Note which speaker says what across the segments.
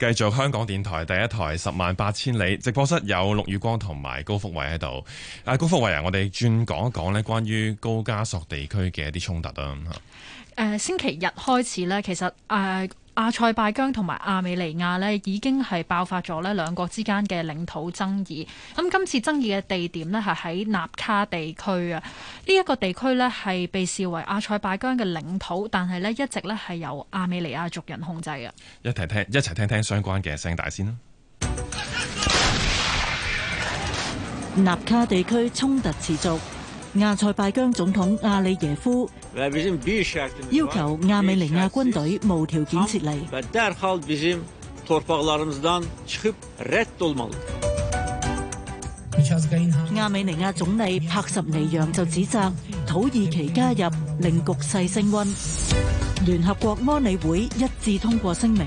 Speaker 1: 繼續香港電台第一台十萬八千里直播室，有陸宇光同埋高福偉喺度。阿、呃、高福偉啊，我哋轉講一講咧，關於高加索地區嘅一啲衝突啊。誒、
Speaker 2: 呃，星期日開始呢，其實誒。呃阿塞拜疆同埋亞美尼亞咧，已經係爆發咗咧兩國之間嘅領土爭議。咁今次爭議嘅地點咧，係喺納卡地區啊。呢、這、一個地區咧，係被視為阿塞拜疆嘅領土，但係咧一直咧係由亞美尼亞族人控制嘅。
Speaker 1: 一齊聽，一齊聽聽相關嘅聲帶先啦。
Speaker 3: 納卡地區衝突持續。亞塞拜疆總統阿里耶夫要求亞美尼亞軍隊無條件
Speaker 4: 撤離。亞美
Speaker 3: 尼亞總理帕什尼揚就指責土耳其加入，令局勢升温。聯合國安理會一致通過聲明。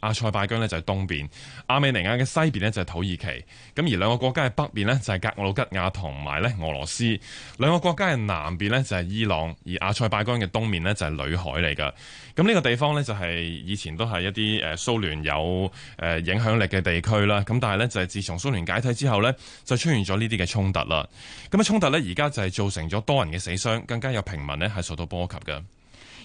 Speaker 1: 阿塞拜疆呢就係東邊，亞美尼亞嘅西邊呢就係土耳其，咁而兩個國家嘅北邊呢就係格魯吉亞同埋咧俄羅斯，兩個國家嘅南邊呢就係伊朗，而阿塞拜疆嘅東面呢就係里海嚟㗎，咁呢個地方呢就係以前都係一啲誒蘇聯有誒影響力嘅地區啦，咁但係呢就係自從蘇聯解體之後呢，就出現咗呢啲嘅衝突啦，咁啊衝突呢，而家就係造成咗多人嘅死傷，更加有平民呢係受到波及嘅。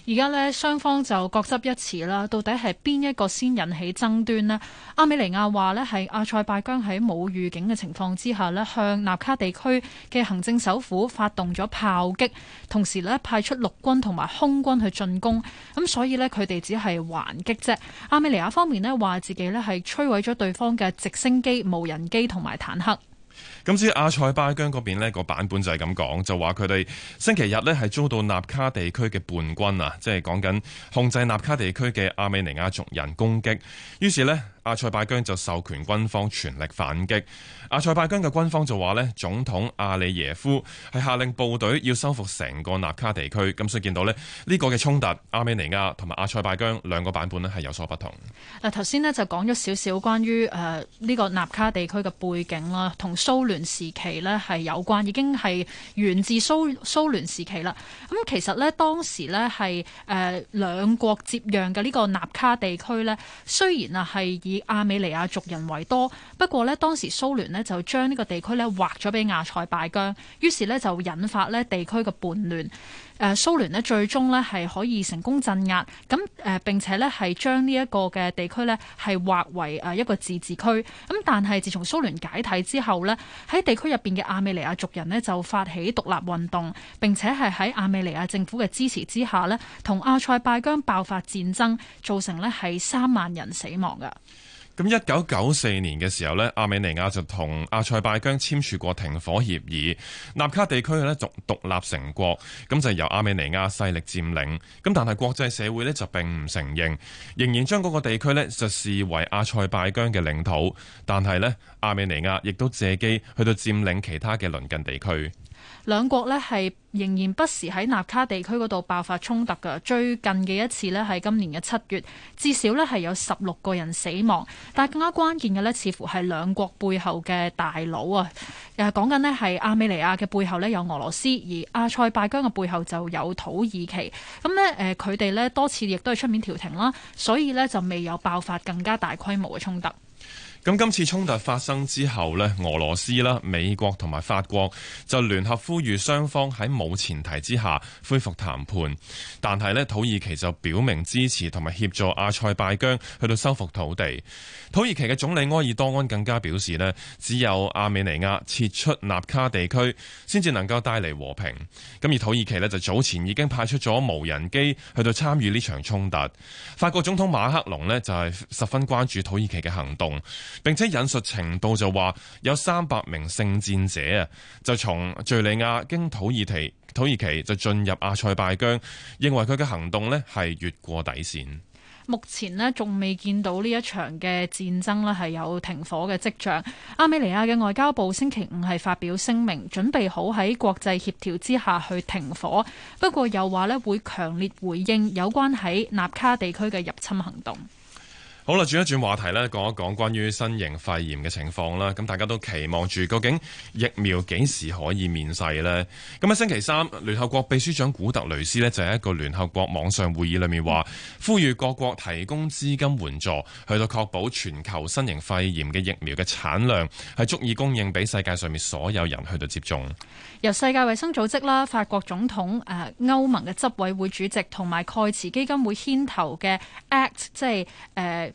Speaker 2: 而家呢，雙方就各執一詞啦。到底係邊一個先引起爭端呢？亞美尼亞話呢，係阿塞拜疆喺冇預警嘅情況之下呢，向納卡地區嘅行政首府發動咗炮擊，同時呢派出陸軍同埋空軍去進攻。咁所以呢，佢哋只係還擊啫。亞美尼亞方面呢，話自己呢係摧毀咗對方嘅直升機、無人機同埋坦克。
Speaker 1: 咁至於阿塞拜疆嗰邊咧個版本就係咁講，就話佢哋星期日咧係遭到納卡地區嘅叛軍啊，即係講緊控制納卡地區嘅阿美尼亞族人攻擊。於是咧，阿塞拜疆就授權軍方全力反擊。阿塞拜疆嘅軍方就話咧，總統阿里耶夫係下令部隊要收復成個納卡地區，咁所以見到咧，呢個嘅衝突，阿美尼亞同埋阿塞拜疆兩個版本咧係有所不同。
Speaker 2: 嗱，頭先咧就講咗少少關於誒呢個納卡地區嘅背景啦，同蘇聯。時期咧係有關，已經係源自蘇蘇聯時期啦。咁其實咧，當時咧係誒兩國接壤嘅呢個納卡地區咧，雖然啊係以亞美尼亞族人為多，不過咧當時蘇聯呢就將呢個地區咧劃咗俾亞塞拜疆，於是咧就引發咧地區嘅叛亂。誒蘇聯咧最終咧係可以成功鎮壓，咁誒並且咧係將呢一個嘅地區咧係劃為誒一個自治區。咁但係自從蘇聯解體之後咧，喺地區入邊嘅亞美尼亞族人咧就發起獨立運動，並且係喺亞美尼亞政府嘅支持之下咧，同阿塞拜疆爆發戰爭，造成咧係三萬人死亡嘅。
Speaker 1: 咁一九九四年嘅時候呢，亞美尼亞就同阿塞拜疆簽署過停火協議，納卡地區呢，獨獨立成國，咁就由亞美尼亞勢力佔領。咁但係國際社會呢，就並唔承認，仍然將嗰個地區呢，就視為阿塞拜疆嘅領土。但係呢，亞美尼亞亦都借機去到佔領其他嘅鄰近地區。
Speaker 2: 兩國呢係仍然不時喺納卡地區嗰度爆發衝突㗎。最近嘅一次呢，係今年嘅七月，至少呢係有十六個人死亡。但係更加關鍵嘅呢，似乎係兩國背後嘅大佬啊，又係講緊呢，係亞美尼亞嘅背後呢有俄羅斯，而阿塞拜疆嘅背後就有土耳其。咁呢，誒，佢哋呢多次亦都係出面調停啦，所以呢就未有爆發更加大規模嘅衝突。
Speaker 1: 咁今次衝突發生之後呢，俄羅斯啦、美國同埋法國就聯合呼籲雙方喺冇前提之下恢復談判，但係呢，土耳其就表明支持同埋協助阿塞拜疆去到收復土地。土耳其嘅總理埃爾多安更加表示呢，只有亞美尼亞撤出納卡地區，先至能夠帶嚟和平。咁而土耳其呢，就早前已經派出咗無人機去到參與呢場衝突。法國總統馬克龍呢，就係十分關注土耳其嘅行動。並且引述程度就話有三百名聖戰者啊，就從敘利亞經土耳其，土耳其就進入阿塞拜疆，認為佢嘅行動咧係越過底線。
Speaker 2: 目前咧仲未見到呢一場嘅戰爭咧係有停火嘅跡象。亞美尼亞嘅外交部星期五係發表聲明，準備好喺國際協調之下去停火，不過又話咧會強烈回應有關喺納卡地區嘅入侵行動。
Speaker 1: 好啦，轉一轉話題啦。講一講關於新型肺炎嘅情況啦。咁大家都期望住，究竟疫苗幾時可以面世呢？咁喺星期三，聯合國秘書長古特雷斯呢，就喺一個聯合國網上會議裏面話，呼籲各國提供資金援助，去到確保全球新型肺炎嘅疫苗嘅產量係足以供應俾世界上面所有人去到接種。
Speaker 2: 由世界衛生組織啦、法國總統、誒、呃、歐盟嘅執委會主席同埋蓋茨基金會牽頭嘅 ACT，即係誒，呃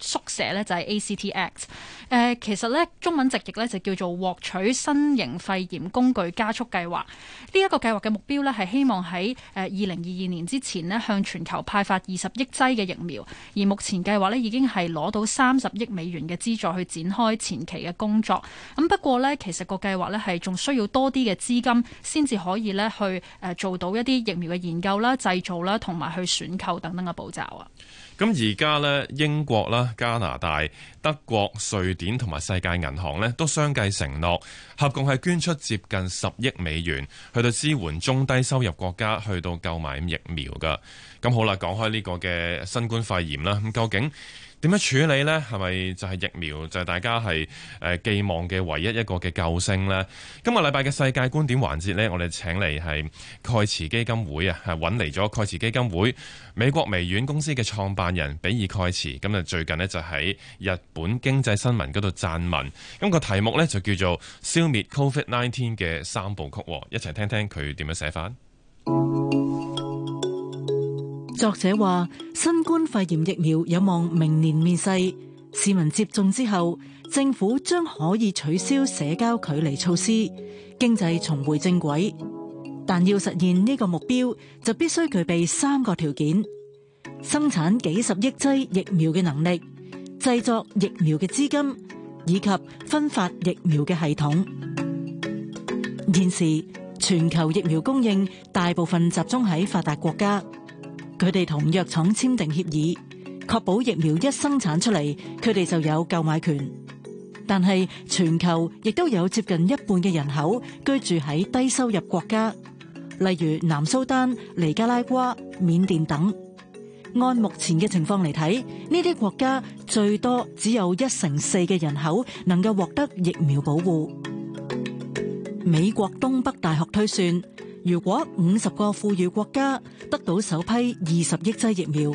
Speaker 2: 縮寫咧就係 ACTX，誒、呃、其實咧中文直譯咧就叫做獲取新型肺炎工具加速計劃。呢一、這個計劃嘅目標咧係希望喺誒二零二二年之前呢，向全球派發二十億劑嘅疫苗。而目前計劃呢，已經係攞到三十億美元嘅資助去展開前期嘅工作。咁不過呢，其實個計劃呢，係仲需要多啲嘅資金先至可以呢，去誒做到一啲疫苗嘅研究啦、製造啦同埋去選購等等嘅步驟
Speaker 1: 啊。咁而家呢，英國啦、加拿大、德國、瑞典同埋世界銀行呢都相繼承諾合共係捐出接近十億美元，去到支援中低收入國家，去到購買疫苗㗎。咁好啦，講開呢個嘅新冠肺炎啦，咁究竟，點樣處理呢？係咪就係疫苗就係、是、大家係誒寄望嘅唯一一個嘅救星呢？今個禮拜嘅世界觀點環節呢，我哋請嚟係蓋茨基金會啊，係搵嚟咗蓋茨基金會美國微軟公司嘅創辦人比爾蓋茨。咁啊最近呢，就喺日本經濟新聞嗰度撰文，咁個題目呢，就叫做消滅 COVID-19 嘅三部曲，一齊聽聽佢點樣寫法。
Speaker 3: 作者話，新冠肺炎疫苗有望明年面世。市民接種之後，政府將可以取消社交距離措施，經濟重回正軌。但要實現呢個目標，就必須具備三個條件：生產幾十億劑疫苗嘅能力、製作疫苗嘅資金以及分發疫苗嘅系統。現時全球疫苗供應大部分集中喺發達國家。佢哋同藥廠簽訂協議，確保疫苗一生產出嚟，佢哋就有購買權。但係全球亦都有接近一半嘅人口居住喺低收入國家，例如南蘇丹、尼加拉瓜、緬甸等。按目前嘅情況嚟睇，呢啲國家最多只有一成四嘅人口能夠獲得疫苗保護。美國東北大學推算。如果五十個富裕國家得到首批二十億劑疫苗，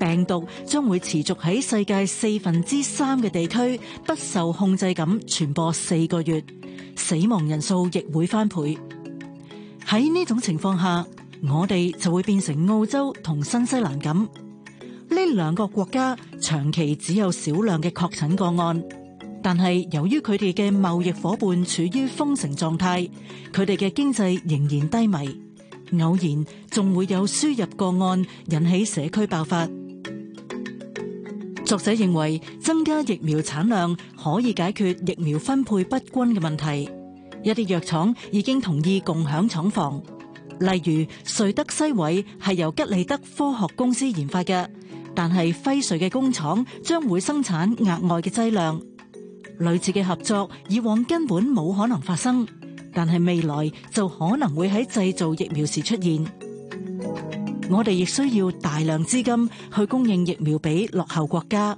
Speaker 3: 病毒將會持續喺世界四分之三嘅地區不受控制咁傳播四個月，死亡人數亦會翻倍。喺呢種情況下，我哋就會變成澳洲同新西蘭咁。呢兩個國家長期只有少量嘅確診個案。但係由於佢哋嘅貿易夥伴處於封城狀態，佢哋嘅經濟仍然低迷，偶然仲會有輸入個案引起社區爆發。作者認為，增加疫苗產量可以解決疫苗分配不均嘅問題。一啲藥廠已經同意共享廠房，例如瑞德西韋係由吉利德科學公司研發嘅，但係輝瑞嘅工廠將會生產額外嘅劑量。類似嘅合作以往根本冇可能發生，但係未來就可能會喺製造疫苗時出現。我哋亦需要大量資金去供應疫苗俾落後國家。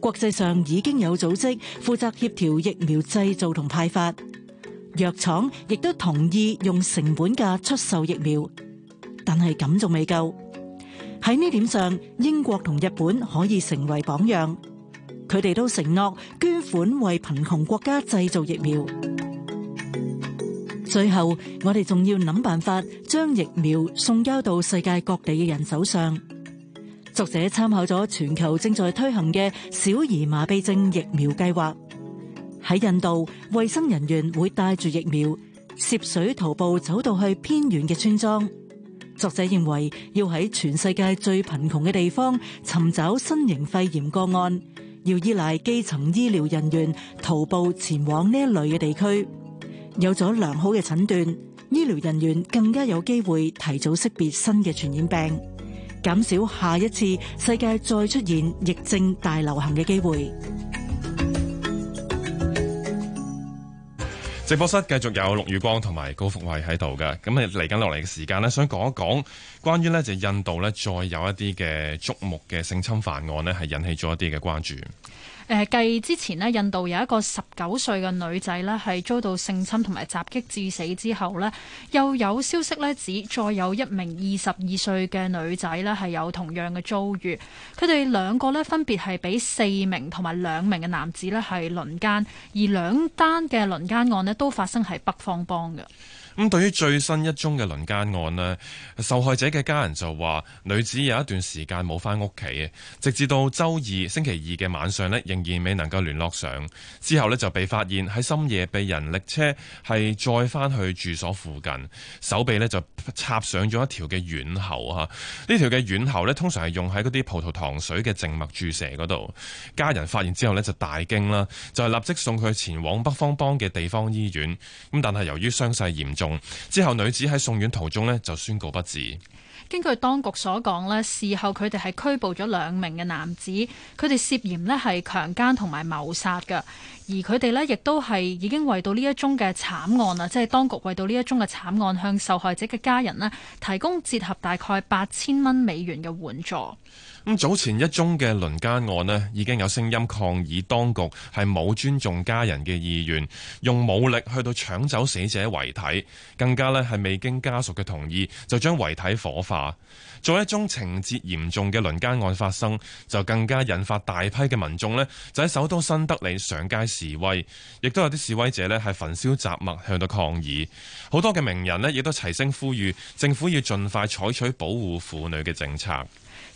Speaker 3: 國際上已經有組織負責協調疫苗製造同派發，藥廠亦都同意用成本價出售疫苗，但係咁仲未夠。喺呢點上，英國同日本可以成為榜樣。佢哋都承諾捐款為貧窮國家製造疫苗。最後，我哋仲要諗辦法將疫苗送交到世界各地嘅人手上。作者參考咗全球正在推行嘅小兒麻痹症疫苗計劃。喺印度，衛生人員會帶住疫苗涉水徒步走到去偏遠嘅村莊。作者認為，要喺全世界最貧窮嘅地方尋找新型肺炎個案。要依賴基層醫療人員徒步前往呢一類嘅地區，有咗良好嘅診斷，醫療人員更加有機會提早識別新嘅傳染病，減少下一次世界再出現疫症大流行嘅機會。
Speaker 1: 直播室繼續有陸宇光同埋高福偉喺度嘅，咁誒嚟緊落嚟嘅時間呢，想講一講關於呢就印度呢再有一啲嘅矚目嘅性侵犯案呢係引起咗一啲嘅關注。
Speaker 2: 誒繼、呃、之前咧，印度有一個十九歲嘅女仔咧，係遭到性侵同埋襲擊致死之後咧，又有消息咧指再有一名二十二歲嘅女仔咧，係有同樣嘅遭遇。佢哋兩個咧，分別係俾四名同埋兩名嘅男子咧係輪奸，而兩單嘅輪奸案咧都發生喺北方邦嘅。
Speaker 1: 咁、嗯、對於最新一宗嘅輪奸案咧，受害者嘅家人就話女子有一段時間冇翻屋企，直至到周二星期二嘅晚上咧，仍然未能夠聯絡上。之後咧就被發現喺深夜被人力車係載翻去住所附近，手臂咧就插上咗一條嘅軟喉嚇。條呢條嘅軟喉咧通常係用喺啲葡萄糖水嘅靜脈注射度。家人發現之後咧就大驚啦，就係、是、立即送佢前往北方邦嘅地方醫院。咁但係由於傷勢嚴重，之後，女子喺送院途中呢就宣告不治。
Speaker 2: 根據當局所講呢，事後佢哋係拘捕咗兩名嘅男子，佢哋涉嫌呢係強姦同埋謀殺嘅。而佢哋呢亦都係已經為到呢一宗嘅慘案啊，即係當局為到呢一宗嘅慘案，向受害者嘅家人呢提供折合大概八千蚊美元嘅援助。咁
Speaker 1: 早前一宗嘅輪奸案呢，已經有聲音抗議當局係冇尊重家人嘅意願，用武力去到搶走死者遺體，更加呢，係未經家屬嘅同意就將遺體火化作為一宗情節嚴重嘅輪姦案發生，就更加引發大批嘅民眾呢，就喺首都新德里上街示威，亦都有啲示威者呢，係焚燒雜物向到抗議，好多嘅名人呢，亦都齊聲呼籲政府要盡快採取保護婦女嘅政策。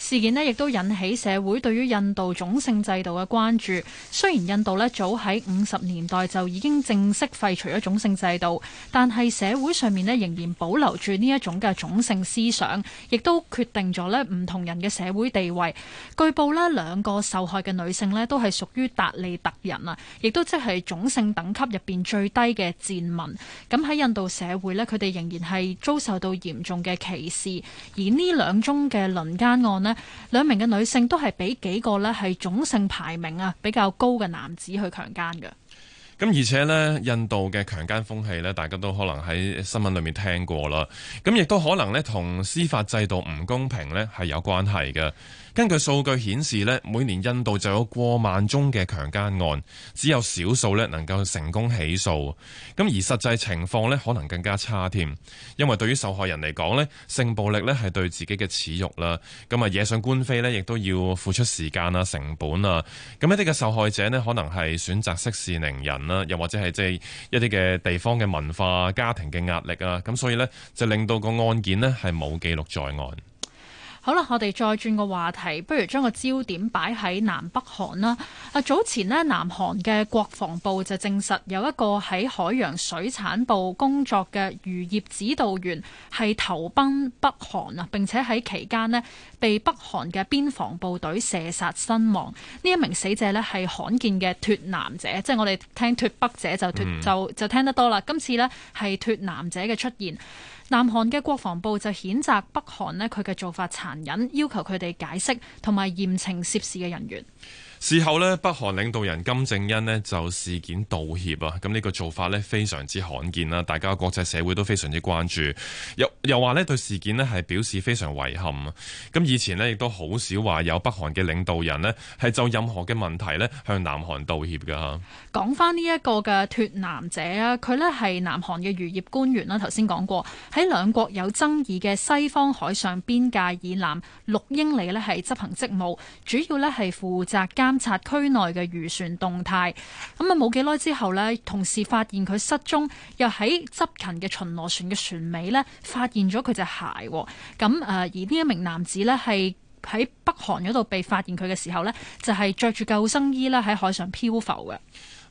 Speaker 2: 事件呢亦都引起社會對於印度種姓制度嘅關注。雖然印度咧早喺五十年代就已經正式廢除咗種姓制度，但係社會上面咧仍然保留住呢一種嘅種姓思想，亦都決定咗咧唔同人嘅社會地位。據報咧兩個受害嘅女性咧都係屬於達利特人啊，亦都即係種姓等級入邊最低嘅賤民。咁喺印度社會咧，佢哋仍然係遭受到嚴重嘅歧視，而呢兩宗嘅輪姦案咧。兩名嘅女性都係俾幾個咧係種姓排名啊比較高嘅男子去強姦
Speaker 1: 嘅。咁而且呢，印度嘅強姦風氣呢，大家都可能喺新聞裏面聽過啦。咁亦都可能呢，同司法制度唔公平呢係有關係嘅。根據數據顯示呢，每年印度就有過萬宗嘅強姦案，只有少數呢能夠成功起訴。咁而實際情況呢，可能更加差添。因為對於受害人嚟講呢，性暴力呢係對自己嘅恥辱啦。咁啊，惹上官非呢，亦都要付出時間啊、成本啊。咁一啲嘅受害者呢，可能係選擇息事寧人啦，又或者係即係一啲嘅地方嘅文化、家庭嘅壓力啊。咁所以呢，就令到個案件呢，係冇記錄在案。
Speaker 2: 好啦，我哋再轉個話題，不如將個焦點擺喺南北韓啦。啊，早前呢，南韓嘅國防部就證實有一個喺海洋水產部工作嘅漁業指導員係投奔北韓啊，並且喺期間呢，被北韓嘅邊防部隊射殺身亡。呢一名死者呢，係罕見嘅脱南者，即係我哋聽脱北者就脱就、嗯、就聽得多啦。今次呢，係脱南者嘅出現。南韓嘅國防部就譴責北韓咧，佢嘅做法殘忍，要求佢哋解釋同埋嚴懲涉涉事嘅人員。
Speaker 1: 事後呢，北韓領導人金正恩呢就事件道歉啊。咁呢個做法呢，非常之罕見啦，大家國際社會都非常之關注。又又話呢對事件呢係表示非常遺憾啊。咁以前呢，亦都好少話有北韓嘅領導人呢係就任何嘅問題呢向南韓道歉嘅吓。
Speaker 2: 講返呢一個嘅脫南者啊，佢呢係南韓嘅漁業官員啦。頭先講過喺兩國有爭議嘅西方海上邊界以南六英里呢係執行職務，主要呢係負責監。監察區內嘅漁船動態，咁啊冇幾耐之後呢，同事發現佢失蹤，又喺執勤嘅巡邏船嘅船尾呢發現咗佢隻鞋。咁誒，而呢一名男子呢，係喺北韓嗰度被發現佢嘅時候呢，就係着住救生衣啦，喺海上漂浮嘅。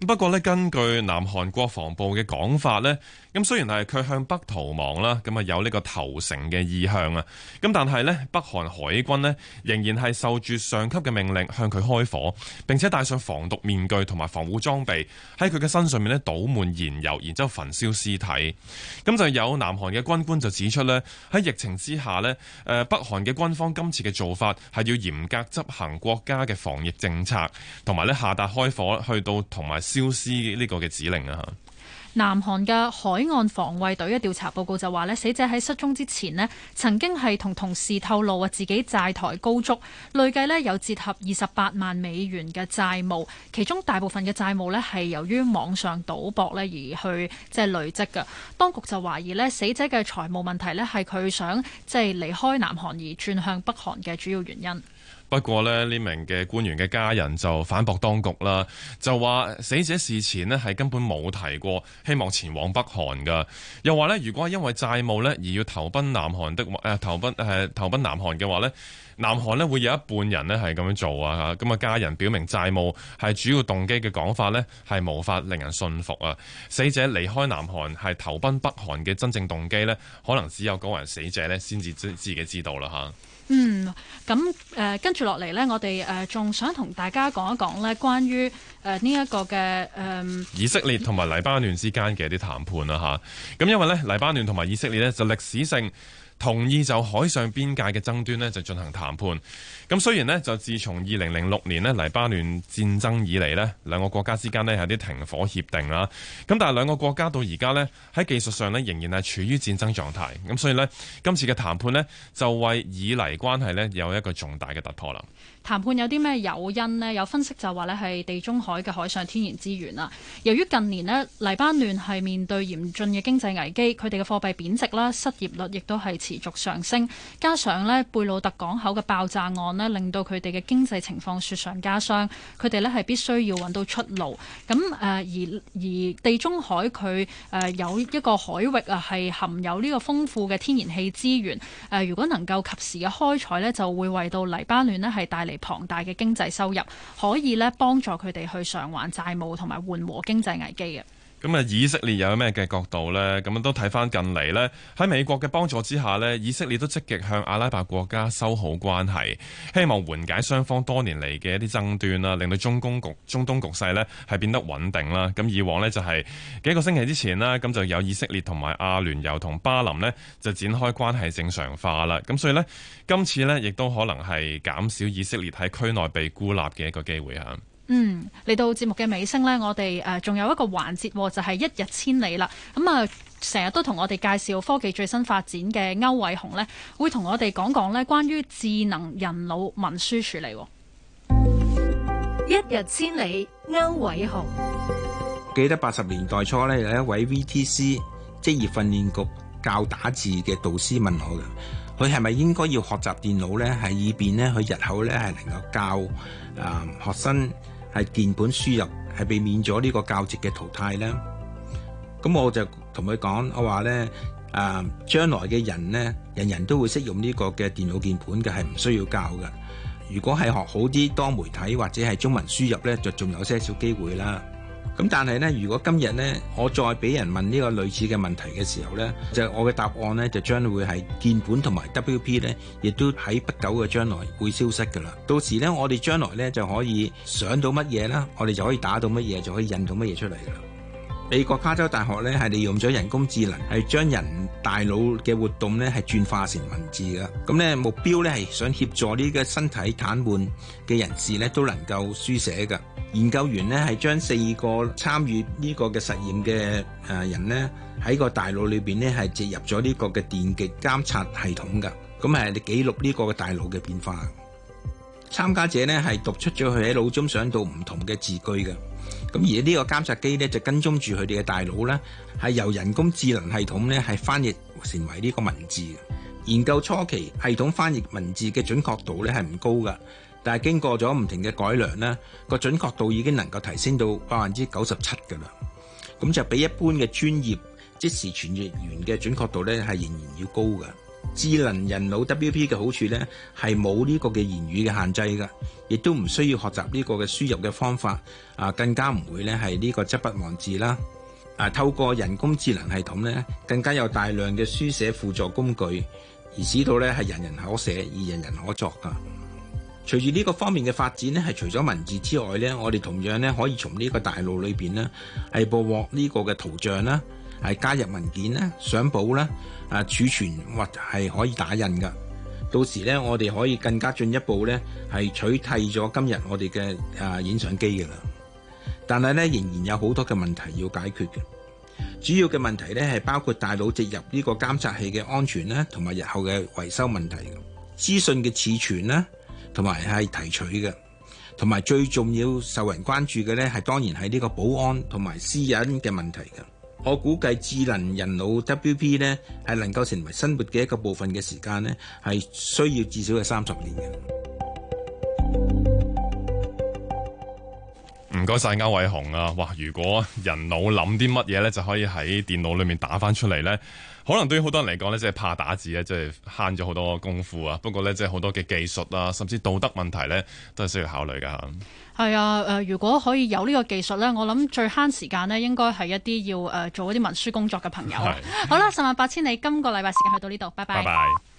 Speaker 1: 不過呢，根據南韓國防部嘅講法呢，咁雖然係佢向北逃亡啦，咁啊有呢個投誠嘅意向啊，咁但係呢，北韓海軍呢，仍然係受住上級嘅命令向佢開火，並且戴上防毒面具同埋防護裝備，喺佢嘅身上面呢倒滿燃油，然之後焚燒屍體。咁就有南韓嘅軍官就指出呢，喺疫情之下呢，誒北韓嘅軍方今次嘅做法係要嚴格執行國家嘅防疫政策，同埋呢下達開火去到同埋消失呢個嘅指令啊！
Speaker 2: 南韓嘅海岸防衛隊嘅調查報告就話咧，死者喺失蹤之前咧，曾經係同同事透露話自己債台高築，累計咧有折合二十八萬美元嘅債務，其中大部分嘅債務咧係由於網上賭博咧而去即係累積嘅。當局就懷疑咧，死者嘅財務問題咧係佢想即係離開南韓而轉向北韓嘅主要原因。
Speaker 1: 不過呢，呢名嘅官員嘅家人就反駁當局啦，就話死者事前呢係根本冇提過希望前往北韓噶，又話呢，如果係因為債務呢而要投奔南韓的誒投奔誒投奔南韓嘅話呢，南韓呢會有一半人呢係咁樣做啊，咁啊家人表明債務係主要動機嘅講法呢係無法令人信服啊，死者離開南韓係投奔北韓嘅真正動機呢，可能只有嗰個人死者呢先至自自己知道啦、啊、嚇。
Speaker 2: 嗯，咁誒、呃呃、跟住落嚟呢，我哋誒仲想同大家講一講呢，關於誒呢一個嘅誒、
Speaker 1: 呃、以色列同埋黎巴嫩之間嘅一啲談判啦嚇。咁、嗯、因為呢，黎巴嫩同埋以色列呢，就歷史性。同意就海上邊界嘅爭端呢，就進行談判。咁雖然呢，就自從二零零六年呢，黎巴嫩戰爭以嚟呢，兩個國家之間呢，有啲停火協定啦。咁但係兩個國家到而家呢，喺技術上呢，仍然係處於戰爭狀態。咁所以呢，今次嘅談判呢，就為以黎關係呢，有一個重大嘅突破啦。
Speaker 2: 談判有啲咩誘因呢？有分析就話呢，係地中海嘅海上天然資源啦。由於近年呢，黎巴嫩係面對嚴峻嘅經濟危機，佢哋嘅貨幣貶值啦，失業率亦都係持續上升，加上呢，貝魯特港口嘅爆炸案呢，令到佢哋嘅經濟情況雪上加霜。佢哋呢，係必須要揾到出路。咁誒而而地中海佢誒有一個海域啊，係含有呢個豐富嘅天然氣資源。誒如果能夠及時嘅開採呢，就會為到黎巴嫩呢係帶嚟，龐大嘅經濟收入，可以咧幫助佢哋去償還債務同埋緩和經濟危機嘅。
Speaker 1: 咁啊，以色列有咩嘅角度呢？咁都睇翻近嚟呢，喺美國嘅幫助之下呢，以色列都積極向阿拉伯國家修好關係，希望緩解雙方多年嚟嘅一啲爭端啦，令到中東局、中東局勢呢係變得穩定啦。咁以往呢，就係、是、幾個星期之前啦，咁就有以色列同埋阿聯酋同巴林呢就展開關係正常化啦。咁所以呢，今次呢亦都可能係減少以色列喺區內被孤立嘅一個機會嚇。
Speaker 2: 嗯，嚟到節目嘅尾聲呢，我哋誒仲有一個環節，就係、是、一日千里啦。咁、嗯、啊，成日都同我哋介紹科技最新發展嘅區煒洪呢，會同我哋講講呢關於智能人腦文書處理。一日千里，區煒洪。
Speaker 4: 記得八十年代初呢，有一位 VTC 職業訓練局教打字嘅導師問我嘅，佢係咪應該要學習電腦呢？係以便呢，佢日後呢係能夠教啊、呃、學生。係鍵盤輸入，係避免咗呢個教職嘅淘汰呢？咁我就同佢講，我話呢誒、啊、將來嘅人呢，人人都會識用呢個嘅電腦鍵盤嘅，係唔需要教嘅。如果係學好啲多媒體或者係中文輸入呢，就仲有些少機會啦。咁但係咧，如果今日咧，我再俾人問呢個類似嘅問題嘅時候咧，就我嘅答案咧，就將會係鍵盤同埋 WP 咧，亦都喺不久嘅將來會消失㗎啦。到時咧，我哋將來咧就可以想到乜嘢啦，我哋就可以打到乜嘢，就可以印到乜嘢出嚟㗎啦。美國加州大學咧係利用咗人工智能，係將人大腦嘅活動咧係轉化成文字㗎。咁咧目標咧係想協助呢個身體癱瘓嘅人士咧都能夠書寫㗎。研究員咧係將四個參與呢個嘅實驗嘅誒人呢，喺個大腦裏邊咧係植入咗呢個嘅電極監察系統㗎，咁係記錄呢個嘅大腦嘅變化。參加者呢係讀出咗佢喺腦中想到唔同嘅字句嘅，咁而呢個監察機呢，就跟蹤住佢哋嘅大腦啦，係由人工智能系統呢係翻譯成為呢個文字。研究初期，系統翻譯文字嘅準確度呢係唔高㗎。但係經過咗唔停嘅改良咧，個準確度已經能夠提升到百分之九十七㗎啦。咁就比一般嘅專業即時傳譯員嘅準確度咧係仍然要高嘅。智能人腦 WP 嘅好處咧係冇呢個嘅言語嘅限制㗎，亦都唔需要學習呢個嘅輸入嘅方法。啊，更加唔會咧係呢個執筆忘字啦。啊，透過人工智能系統咧，更加有大量嘅書寫輔助工具，而使到咧係人人可寫而人人可作㗎。隨住呢個方面嘅發展咧，係除咗文字之外咧，我哋同樣咧可以從呢個大腦裏邊咧係捕獲呢個嘅圖像啦，係加入文件啦、相簿啦，啊儲存或係可以打印噶。到時咧，我哋可以更加進一步咧係取替咗今日我哋嘅啊影相機噶啦。但係咧，仍然有好多嘅問題要解決嘅。主要嘅問題咧係包括大腦植入呢個監察器嘅安全咧，同埋日後嘅維修問題、資訊嘅儲存啦。同埋係提取嘅，同埋最重要受人關注嘅呢係當然係呢個保安同埋私隱嘅問題嘅。我估計智能人腦 WP 呢係能夠成為生活嘅一個部分嘅時間呢係需要至少係三十年嘅。唔該晒區煒洪啊！哇，如果
Speaker 1: 人腦諗啲乜嘢呢，就可以喺電腦裏面打翻出嚟呢。可能對於好多人嚟講咧，即係怕打字咧，即係慳咗好多功夫啊！不過咧，即係好多嘅技術啊，甚至道德問題咧，都係需要考慮㗎吓。
Speaker 2: 係啊，誒、呃，如果可以有呢個技術咧，我諗最慳時間咧，應該係一啲要誒做一啲文書工作嘅朋友。是好啦， 十萬八千里，今個禮拜時間去到呢度，拜拜。Bye bye